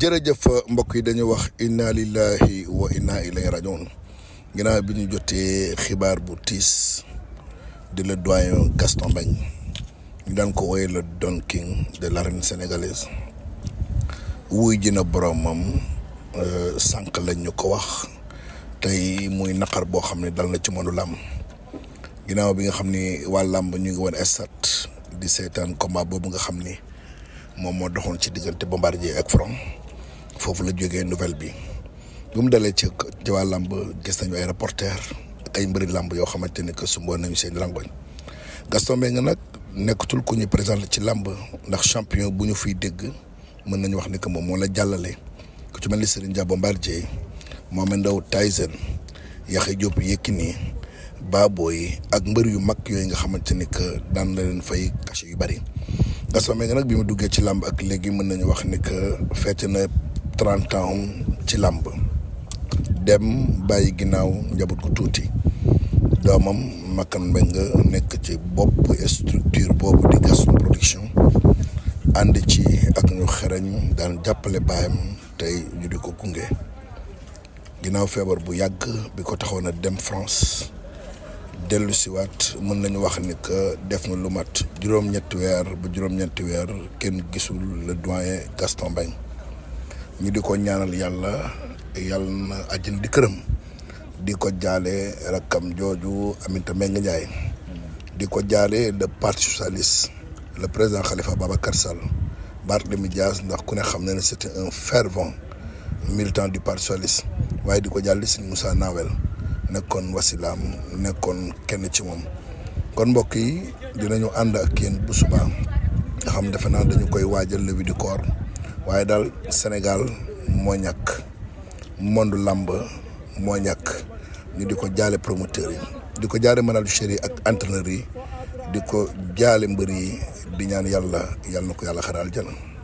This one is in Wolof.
jërëjëf mbokk yi dañuy wax inna lillahi wa inna ilayhi rajiun ginnaaw bi ñu jotee xibaar bu tiis di la doyen Gaston Mbengue ñu daan ko woyee le Don King de l'arène sénégalaise wuy ji na boromam euh, sànq lañ ñu ko wax tey muy naqar boo xam ne dal na ci mënu làmb ginnaaw bi nga xam ni waa làmb ñu ngi woon estat di seetaan combat boobu nga xam ni moom moo doxoon ci diggante Bombardier ak Franc foofu la jógee nouvelle bi bu mu dalee ci Jawaar làmb gis nañu ay reporter ak ay mbëri làmb yoo xamante ne que sumboon nañu seen rangoñ Gaston Mbengue nag nekkatul ku ñu présenté ci làmb ndax champion bu ñu fiy dégg mën nañu wax ne que moom moo la jàllale ku ci mel ni Serigne Dia Bombardier Mohamed Ndao Tyson Yaxya Diop Yékini baaboo yi ak mbër yu mag yooyu nga xamante ni que daan na leen fay cachet yu bari Gaston Mbengue nag bi mu duggee ci làmb ak léegi mën nañu wax ni que fête na trente ans ci làmb dem bàyyi ginnaaw njaboot gu tuuti doomam Makan Mbengue nekk ci bopp structure boobu di Gaston Production ànd ci ak ñu xereñ daan jàppale baayam tey ñu di ko gunge ginnaaw feebar bu yàgg bi ko taxoon a dem France dellu siwaat mën nañu wax ni def na lu mat juróom-ñetti weer bu juróom-ñetti weer kenn gisul la doyen Gaston Mbengue ñu di ko ñaanal yàlla yàlla na àjjana di këram di ko jaale rakkam jooju Aminata Mbengue Ndiaye di ko jaale le parti socialiste le président Khalifa Babacar Sall Barthélémy Dias ndax ku ne xam na ne c'était un fervent militant du parti socialiste waaye di ko jaale si Moussa Nawel nekkoon wasilaam nekkoon kenn ci moom kon mbokk yi dinañu ànd ak yéen bu subaa nga xam defe naa dañu koy waajal levée du corps waaye daal Sénégal moo ñàkk monde làmb moo ñàkk ñu di ko jaale promoteur yi di ko jaale manager chers yi ak entraîneur yi di ko jaale mbër yi di ñaan yàlla yàlla na ko yàlla xaraal jël